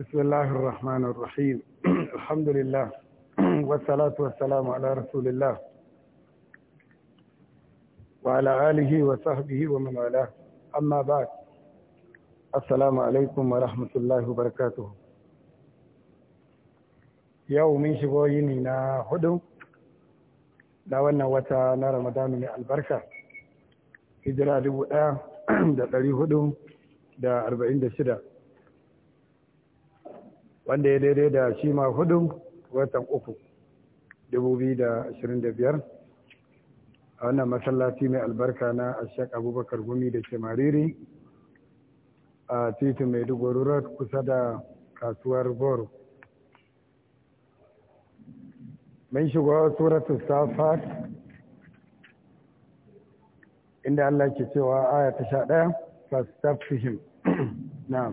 بسم الله الرحمن الرحيم الحمد لله والصلاة والسلام على رسول الله وعلى آله وصحبه ومن والاه أما بعد السلام عليكم ورحمة الله وبركاته يوم شبوينينا هدو da wannan wata na ramadanu mai albarka hijira dubu ɗaya دا أربعين دا da wanda ya daidai da shi ma hudu watan uku 2025 a wannan masallaci mai albarka na ashek abubakar gumi da ke mariri a titin mai road kusa da kasuwar boro mun shiga suratun safat inda Allah ke cewa aya ta sha ɗaya fastafihim na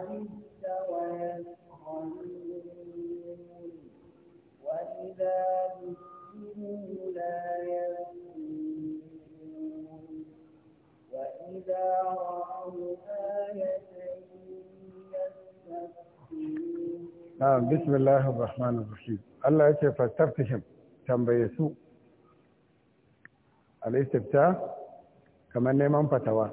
العزيز ويسخرون وإذا ذكروا لا يذكرون وإذا رأوا آية نعم بسم الله الرحمن الرحيم الله يكفي فاستفتهم tambaye su al-istifta kamar neman fatawa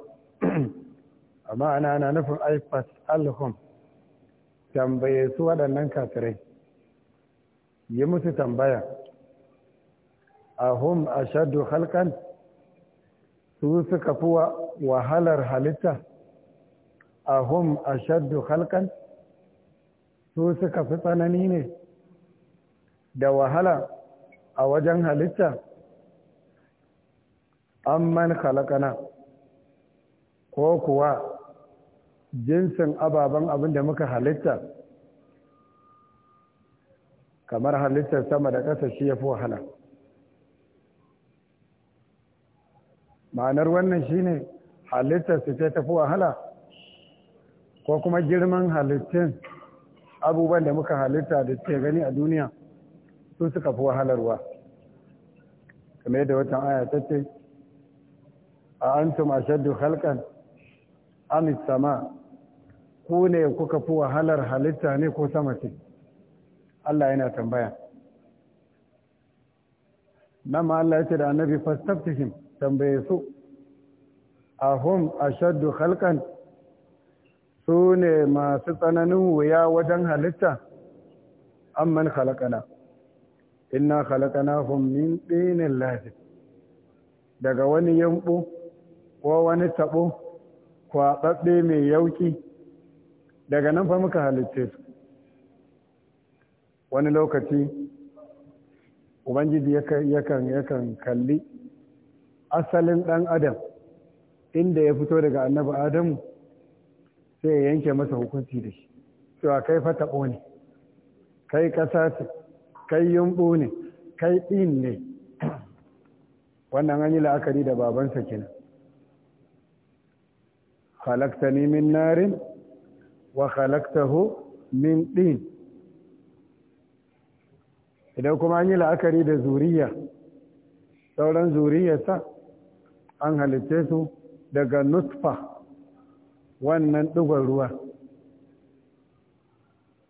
amma ana na nufin aifas alhum tambaye su waɗannan kafirai yi musu tambaya ahum ashaddu halkan su suka fi wahalar halitta ahum ashaddu halkan su suka fi tsanani ne da wahala a wajen halitta amman halakana ko kuwa jinsin ababen abin da muka halitta kamar halittar sama da ƙasa shi ya fi wahala ma'anar wannan shine halittar su ta fi wahala ko kuma girman halittun abubuwan da muka halitta da ke gani a duniya su suka fi wahalarwa kamar yadda watan aya ta ce a antum ashaddu halkan amis sama ku ne kuka fi wahalar halitta ne ko sama ce Allah yana tambaya Na ma Allah ya ce da annabi fastaftihim tambaye su ahum ashaddu khalqan su ne masu tsananin wuya wajen halitta amman khalaqana inna khalaqnahum min ɗinin lafi daga wani yambu ko wani tabo kwaɓaɓɓe mai yauki daga nan fa muka halitte su wani lokaci ubangiji yakan yakan kalli asalin ɗan adam inda ya fito daga annabi adamu sai ya yanke masa hukunci da shi cewa kai fata taɓo ne kai ƙasa ce kai yumɓu ne kai ɗin ne wannan an yi la'akari da babansa kenan halaktani min narin wa khalaqtahu min din idan kuma an yi la'akari da zuriya sauran zuriyarsa an halitte su daga nutfa wannan ɗigon ruwa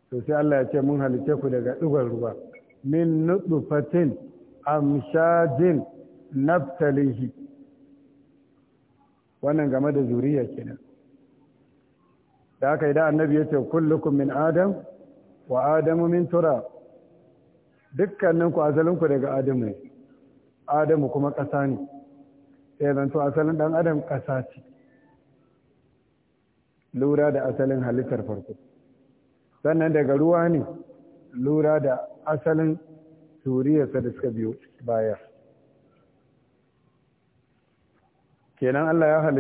to sai Allah ya ce mun halitte ku daga ɗigon ruwa min nutfatin amshajin naftalihi wannan game da zuriya kenan da aka da annabi ya ce kullukum min adam wa adamu min tura dukkaninku asalinku daga adamu ne adamu kuma ƙasa ne sai zanto asalin ɗan adam ƙasa ce lura da asalin halittar farko sannan daga ruwa ne lura da asalin turiyarsa da suka biyo baya kenan Allah ya